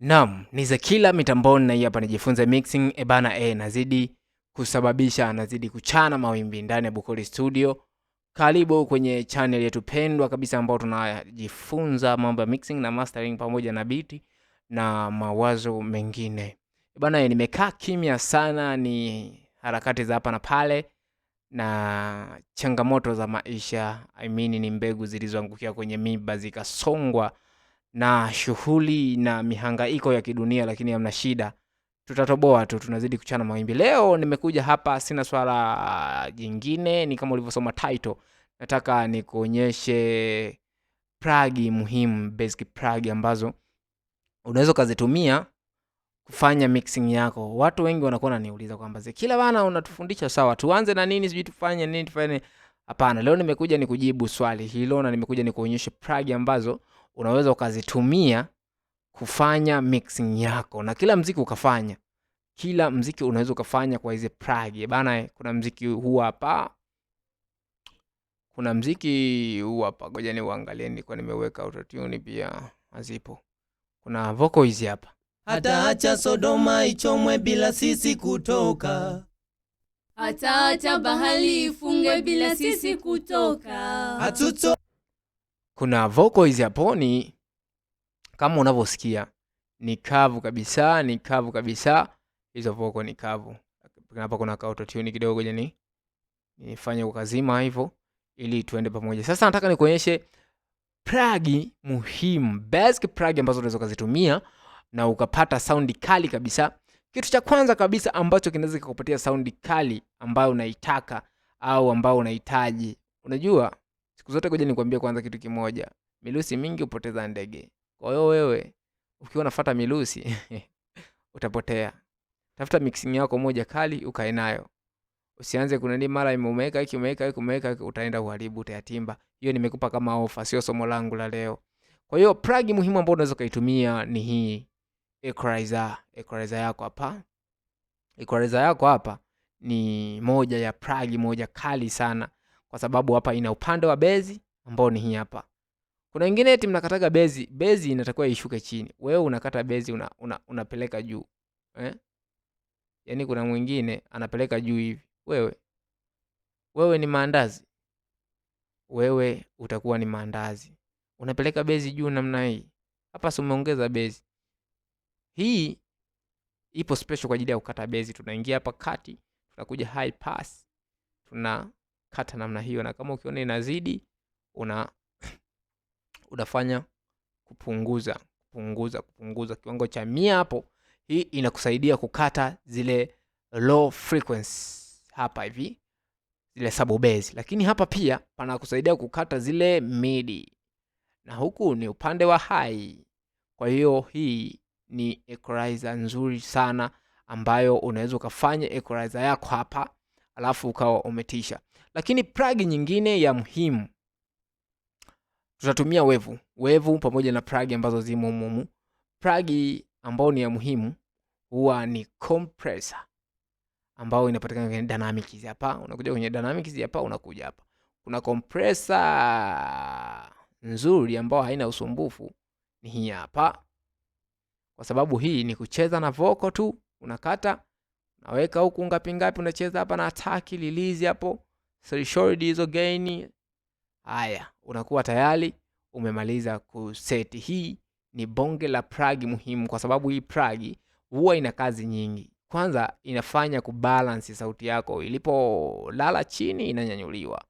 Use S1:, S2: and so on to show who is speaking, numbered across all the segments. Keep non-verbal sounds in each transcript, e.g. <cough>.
S1: Naam, ni za kila mitamboni na hii hapa nijifunze mixing e bana e, nazidi kusababisha anazidi kuchana mawimbi ndani ya Bukoli Studio. Karibu kwenye channel yetu pendwa kabisa ambayo tunajifunza mambo ya mixing na mastering pamoja na biti na mawazo mengine. E bana e, nimekaa kimya sana, ni harakati za hapa na pale na changamoto za maisha. I mean, ni mbegu zilizoangukia kwenye miba zikasongwa na shughuli na mihangaiko ya kidunia, lakini hamna shida, tutatoboa tu, tunazidi kuchana mawimbi. Leo nimekuja hapa, sina swala jingine, ni kama ulivyosoma title, nataka nikuonyeshe plug muhimu, basic plug ambazo unaweza ukazitumia kufanya mixing yako. Watu wengi wanakuwa naniuliza kwamba kila bana, unatufundisha sawa, tuanze na nini, sijui tufanye nini, tufanye. Hapana, leo nimekuja nikujibu swali hilo, na nimekuja nikuonyeshe plug ambazo unaweza ukazitumia kufanya mixing yako, na kila mziki ukafanya, kila mziki unaweza ukafanya kwa hizi plug bana. Kuna mziki huu hapa, kuna mziki huu hapa, ngoja ni uangalie, nilikuwa nimeweka autotune pia, azipo Kuna vocal hizi hapa, hata acha Sodoma ichomwe bila sisi kutoka hata acha bahali ifungwe bila sisi kutoka hatuto kuna vocals hapo ni kama unavyosikia ni kavu kabisa, ni kavu kabisa, hizo vocal ni kavu. Hapa kuna auto tune kidogo, jeni nifanye kwa kazima hivyo ili tuende pamoja. Sasa nataka nikuonyeshe plug muhimu, basic plug ambazo unaweza kuzitumia na ukapata saundi kali kabisa. Kitu cha kwanza kabisa ambacho kinaweza kikupatia saundi kali ambayo unaitaka au ambayo unahitaji, unajua Siku zote kuja nikwambie kwanza kitu kimoja, milusi mingi hupoteza ndege. Kwa hiyo wewe ukiwa unafuata milusi <laughs> utapotea. Tafuta mixing yako moja kali ukae nayo, usianze kunani mara imeweka hiki umeweka hiki umeweka hiki, utaenda uharibu, utayatimba. Hiyo nimekupa kama ofa, sio somo langu la leo. Kwa hiyo plug muhimu ambayo unaweza kuitumia ni hii equalizer. Equalizer yako hapa, equalizer yako hapa ni moja ya plug moja kali sana kwa sababu hapa ina upande wa bezi ambao ni hii hapa. Kuna ingine eti mnakataga bezi, bezi inatakiwa ishuke chini, wewe unakata bezi una, una, unapeleka juu eh? Yaani kuna mwingine anapeleka juu hivi, wewe wewe ni maandazi, wewe utakuwa ni maandazi, unapeleka bezi juu namna hii hapa, si umeongeza bezi hii ipo special kwa ajili ya kukata bezi. Tunaingia hapa kati, tunakuja high pass, tuna kata namna hiyo, na kama ukiona inazidi una unafanya kupunguza kupunguza kupunguza kiwango cha mia hapo. Hii inakusaidia kukata zile low frequency hapa hivi zile sub lakini hapa pia panakusaidia kukata zile midi, na huku ni upande wa high. Kwa hiyo hii ni equalizer nzuri sana ambayo unaweza ukafanya equalizer yako hapa, alafu ukawa umetisha. Lakini plug nyingine ya muhimu tutatumia wevu, wevu pamoja na plug ambazo zimo mumu. Plug ambayo ni ya muhimu huwa ni compressor ambayo inapatikana kwenye dynamics hapa. Unakuja kwenye dynamics hapa, unakuja hapa, kuna compressor nzuri ambayo haina usumbufu, ni hii hapa, kwa sababu hii ni kucheza na vocal tu, unakata unaweka huku ngapi ngapi, unacheza hapa na attack release hapo threshold hizo gain. Haya, unakuwa tayari umemaliza kuseti. Hii ni bonge la plug muhimu, kwa sababu hii plug huwa ina kazi nyingi. Kwanza inafanya kubalance sauti yako, ilipolala chini inanyanyuliwa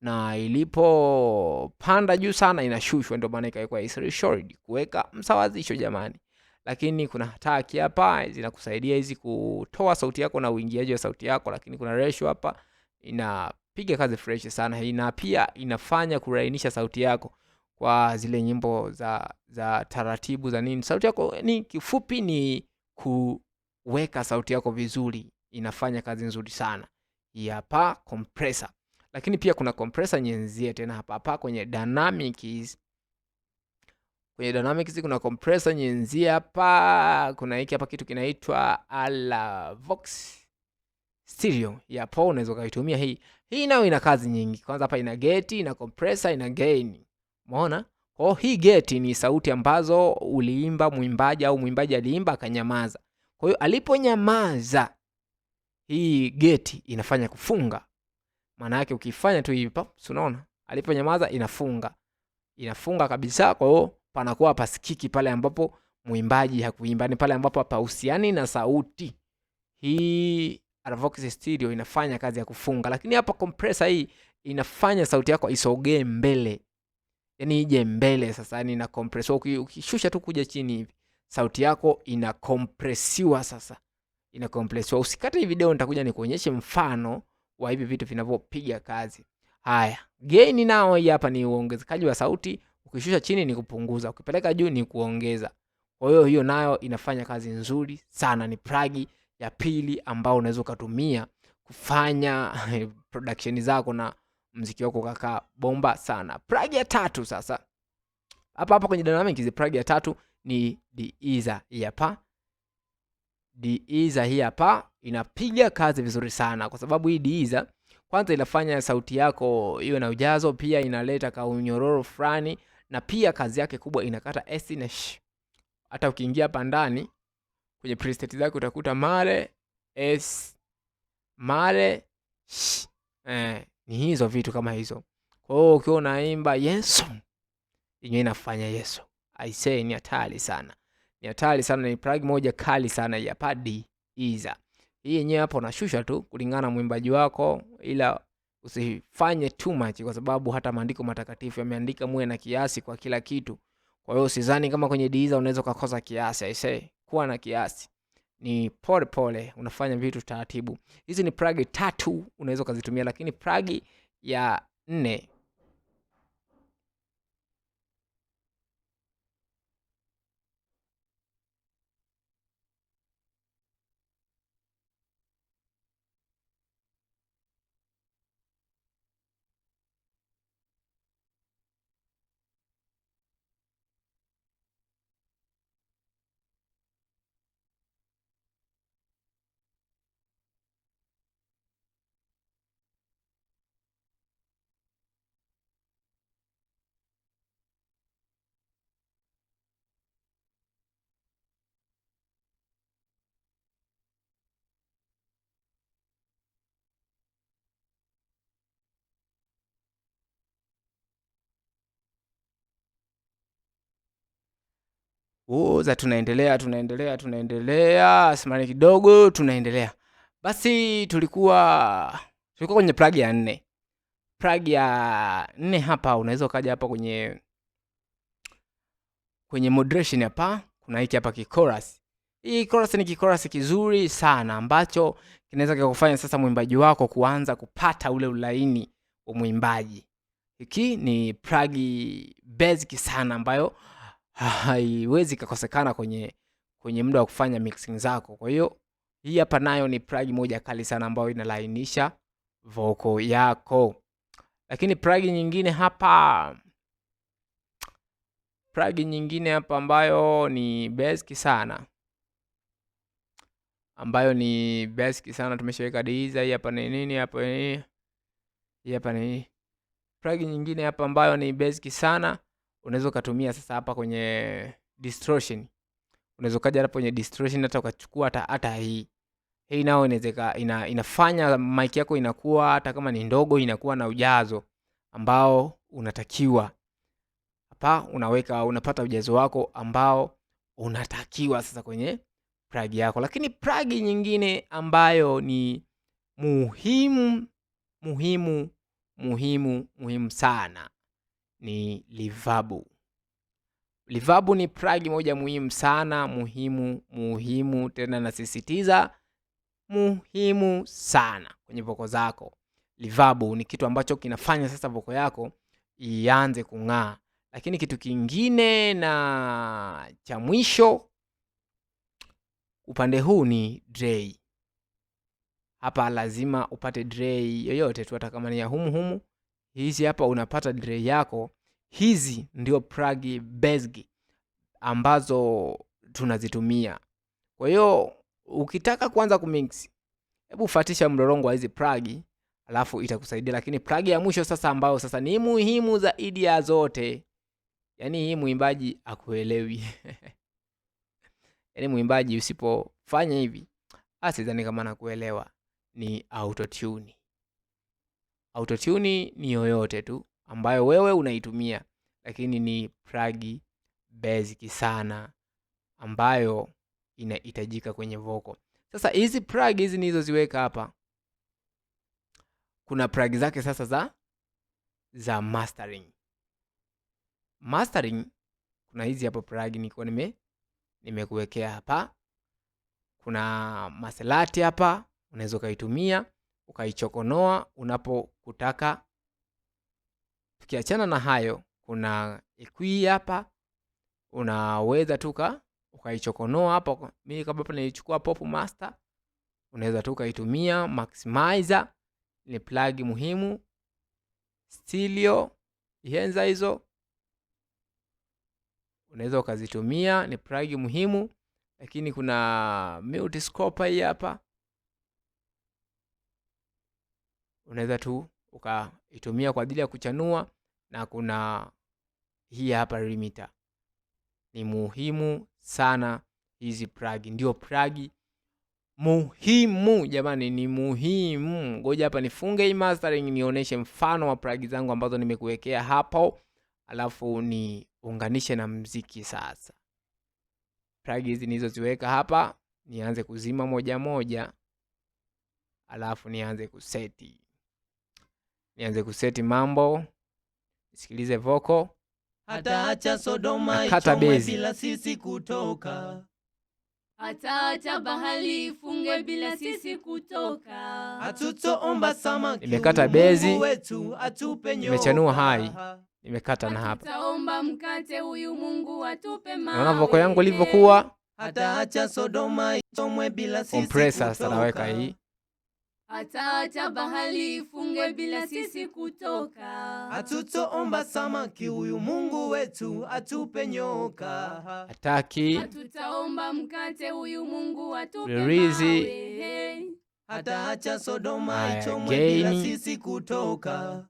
S1: na ilipopanda juu sana inashushwa. Ndio maana ikawekwa threshold, kuweka msawazisho jamani. Lakini kuna hataki hapa zinakusaidia hizi kutoa sauti yako na uingiaji wa sauti yako, lakini kuna ratio hapa ina piga kazi fresh sana, na pia inafanya kurainisha sauti yako kwa zile nyimbo za, za taratibu za nini. Sauti yako ni kifupi, ni kuweka sauti yako vizuri, inafanya kazi nzuri sana ya pa compressor. Lakini pia kuna compressor nyenzie tena hapa hapa kwenye dynamics kwenye dynamics kuna compressor nyenzie hapa. Kuna hiki hapa kitu kinaitwa Alavox stereo ya Paul, unaweza ukaitumia hii. Hii nayo ina kazi nyingi. Kwanza hapa ina geti, ina compressor, ina gain. Umeona? Kwa hiyo hii geti ni sauti ambazo uliimba mwimbaji au mwimbaji aliimba akanyamaza. Kwa hiyo aliponyamaza hii geti inafanya kufunga. Maana yake ukifanya tu hivi si unaona? Aliponyamaza inafunga. Inafunga kabisa, kwa hiyo panakuwa pasikiki pale ambapo mwimbaji hakuimba, ni pale ambapo hapahusiani na sauti hii Vox Studio inafanya kazi ya kufunga, lakini hapa compressor hii inafanya sauti yako isogee mbele, yani ije mbele sasa, yani ina compress. Ukishusha tu kuja chini hivi, sauti yako ina compressiwa sasa, ina compressiwa. Usikate hii video, nitakuja nikuonyeshe mfano wa hivi vitu vinavyopiga kazi. Haya, gain nao hii hapa ni uongezekaji wa sauti. Ukishusha chini ni kupunguza, ukipeleka juu ni kuongeza. Kwa hiyo hiyo nayo inafanya kazi nzuri sana, ni plugin ya pili ambao unaweza ukatumia kufanya <laughs> production zako na mziki wako ukakaa bomba sana. Plug ya tatu sasa, hapa hapa kwenye dynamics, plug ya tatu ni de hii hapa. de hii hapa inapiga kazi vizuri sana, kwa sababu hii de kwanza inafanya sauti yako iwe na ujazo, pia inaleta kaunyororo fulani, na pia kazi yake kubwa inakata S na sh. Hata ukiingia hapa ndani kwenye preset zake utakuta mare s mare sh. Eh, ni hizo vitu kama hizo. Kwa hiyo ukiwa unaimba Yesu yenyewe inafanya Yesu, I say ni hatari sana, ni hatari sana, ni plug moja kali sana ya padi iza hii yenyewe. Hapo unashusha tu kulingana mwimbaji wako, ila usifanye too much, kwa sababu hata maandiko matakatifu yameandika muwe na kiasi kwa kila kitu. Kwa hiyo usizani kama kwenye diiza unaweza ukakosa kiasi. I say kuwa na kiasi ni pole pole, unafanya vitu taratibu. Hizi ni pragi tatu unaweza ukazitumia, lakini pragi ya nne uza, tunaendelea tunaendelea tunaendelea, simani kidogo, tunaendelea. Basi tulikuwa tulikuwa kwenye plug ya nne, plug ya nne hapa. Unaweza ukaja hapa kwenye kwenye moderation hapa, kuna hiki hapa kichorus. Hii chorus ni kichorus kizuri sana ambacho kinaweza kikakufanya sasa mwimbaji wako kuanza kupata ule ulaini wa mwimbaji. Hiki ni plug basic sana ambayo haiwezi ikakosekana kwenye, kwenye muda wa kufanya mixing zako. Kwa hiyo hii hapa nayo ni plug moja kali sana ambayo inalainisha voko yako, lakini plug nyingine hapa plug nyingine hapa ambayo ni basic sana ambayo ni basic sana tumeshaweka diza hii hapa ni nini hapa, hii hapa ni plug nyingine hapa ambayo ni basic sana unaweza ukatumia sasa hapa kwenye distortion, unaweza ukaja hapa kwenye distortion hata ukachukua hata hata hii hii nao inaweza ina, inafanya mic yako inakuwa hata kama ni ndogo inakuwa na ujazo ambao unatakiwa. Hapa unaweka unapata ujazo wako ambao unatakiwa sasa kwenye plug yako. Lakini plug nyingine ambayo ni muhimu muhimu muhimu muhimu sana ni livabu. Livabu ni pragi moja muhimu sana, muhimu muhimu, tena nasisitiza muhimu sana kwenye voko zako. Livabu ni kitu ambacho kinafanya sasa voko yako ianze kung'aa. Lakini kitu kingine na cha mwisho upande huu ni dray. Hapa lazima upate dray yoyote tu, hata kama ni ya humuhumu hizi hapa unapata delay yako. Hizi ndio pragi basic ambazo tunazitumia. Kwa hiyo ukitaka kuanza kumix, hebu fuatisha mlorongo wa hizi pragi alafu itakusaidia. Lakini pragi ya mwisho sasa, ambayo sasa ni muhimu zaidi ya zote, yaani hii mwimbaji akuelewi <laughs> yaani mwimbaji usipofanya hivi asizani kama nakuelewa. Ni autotuni Autotune ni yoyote tu ambayo wewe unaitumia, lakini ni pragi basic sana ambayo inahitajika kwenye voko Sasa hizi plug hizi nilizoziweka hapa, kuna plug zake sasa za za mastering. Mastering kuna hizi hapo plug nikuwa nime nimekuwekea hapa. Kuna maselati hapa unaweza ukaitumia, ukaichokonoa unapokutaka. Tukiachana na hayo, kuna equi hapa, unaweza tuka ukaichokonoa hapa. Mimi kama hapa nilichukua pop master, unaweza tu ukaitumia. Maximizer ni plug muhimu, stilio ihenza hizo unaweza ukazitumia, ni plug muhimu. Lakini kuna multiscope hii hapa unaweza tu ukaitumia kwa ajili ya kuchanua, na kuna hii hapa limiter. Ni muhimu sana hizi plug, ndio plug muhimu jamani, ni muhimu. Ngoja hapa nifunge hii mastering, nionyeshe mfano wa plug zangu ambazo nimekuwekea hapo, alafu niunganishe na mziki sasa. Plug hizi nilizoziweka hapa, nianze kuzima moja moja, alafu nianze kuseti nianze kuseti mambo, nisikilize voko, hataacha Sodoma ichomwe bila sisi kutoka Ataacha bahali ifungwe bila sisi kutoka. Hatutoomba samaki. Nimekata bezi wetu atupe nyoka. Nimechanua hai. Nimekata na hapa. Hataomba mkate huyu Mungu atupe mawe. Na voko yangu ilivyokuwa. Hataacha Sodoma ichomwe bila sisi kutoka. Compressor naweka hii. Hata hata bahali ifungwe bila sisi kutoka. Hatutoomba samaki, huyu Mungu wetu atupe nyoka. Hataki. Hatutaomba mkate, huyu Mungu atupe rizi. Hata Sodoma ichomwe bila sisi kutoka.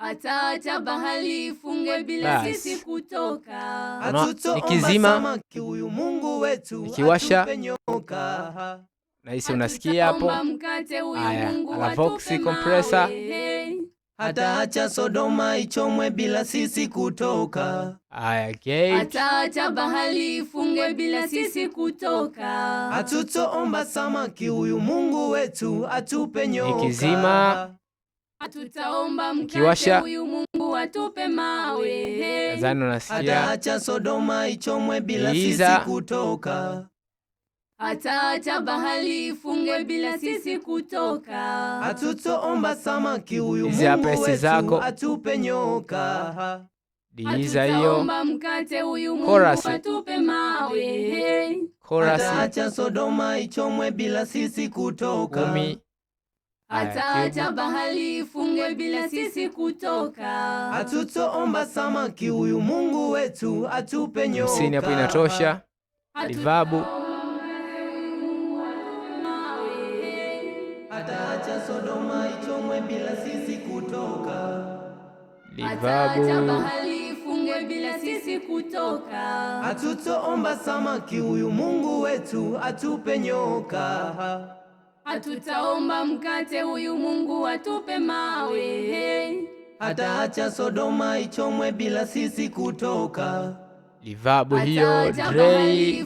S1: Hata hata bahali ifungwe bila sisi kutoka. Hatutoomba samaki, huyu Mungu wetu atupe nyoka nahisi unasikia hapo. Haya, ala vox compressor hata acha Sodoma ichomwe bila sisi kutoka. Aya, okay. Hata acha bahari ifungwe bila sisi kutoka. Hatutoomba samaki huyu Mungu wetu atupe nyoka. Ikizima. Hatutaomba mkate huyu Mungu atupe mawe. Nadhani unasikia. Hata acha Sodoma ichomwe bila sisi kutoka. Hata bahali ifunge bila sisi kutoka, hatutoomba samaki huyu Mungu wetu atupe nyoka, hatutoomba mkate huyu Mungu atupe mawe, hataacha Sodoma ichomwe bila sisi kutoka Umi. Hata bahari ifunge bila sisi kutoka, hatutoomba samaki huyu Mungu wetu atupe nyoka. Hapo inatosha. Divabu. Livabu hata bila sisi kutoka. Hatutoomba samaki, huyu Mungu wetu atupe nyoka. Hatutaomba mkate, huyu Mungu atupe mawe. Hata acha Sodoma ichomwe bila sisi kutoka. Livabu hiyo Drei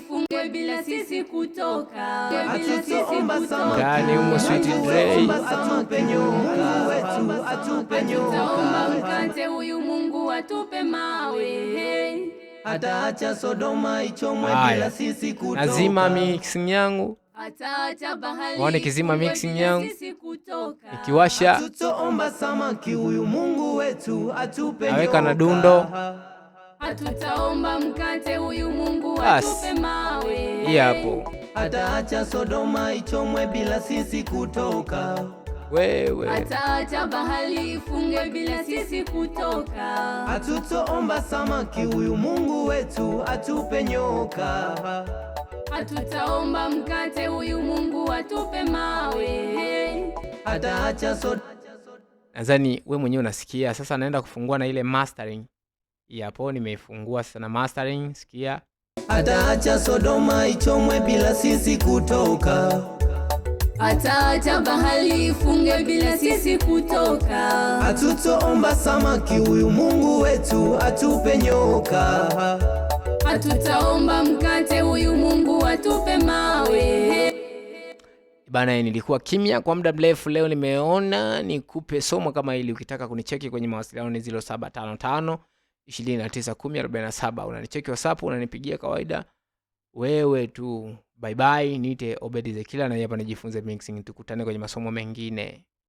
S1: bila sisi kutoka. Ndani umeswiti Drei, atupe nyoka, atupe nyoka atupe mawe, hata Sodoma ichomwe bila sisi kutoka. Nazima mixing yangu Waone kizima mixing yangu ikiwasha, Aweka na dundo basi, hii hapo. Ataacha Sodoma ichomwe bila sisi kutoka wewe. Hata bahari ifunge bila sisi kutoka, hatutoomba samaki, huyu Mungu wetu atupe nyoka. Hatutaomba mkate, huyu Mungu atupe mawe. Hataacha soda. Nadhani we mwenyewe unasikia sasa, naenda kufungua na ile mastering yapo, nimeifungua sasa na mastering, sikia. Hataacha Sodoma ichomwe bila sisi kutoka Ataacha bahari ifunge bila sisi kutoka. Hatutoomba samaki, huyu Mungu wetu atupe nyoka. Hatutaomba mkate, huyu Mungu atupe mawe. Bana, nilikuwa kimya kwa muda mrefu, leo nimeona nikupe somo kama hili. Ukitaka kunicheki kwenye mawasiliano ni 0755 291047 unanicheki WhatsApp, unanipigia kawaida wewe tu. Bye bye, niite Obed Zekila na hapa nijifunze mixing. Tukutane kwenye masomo mengine.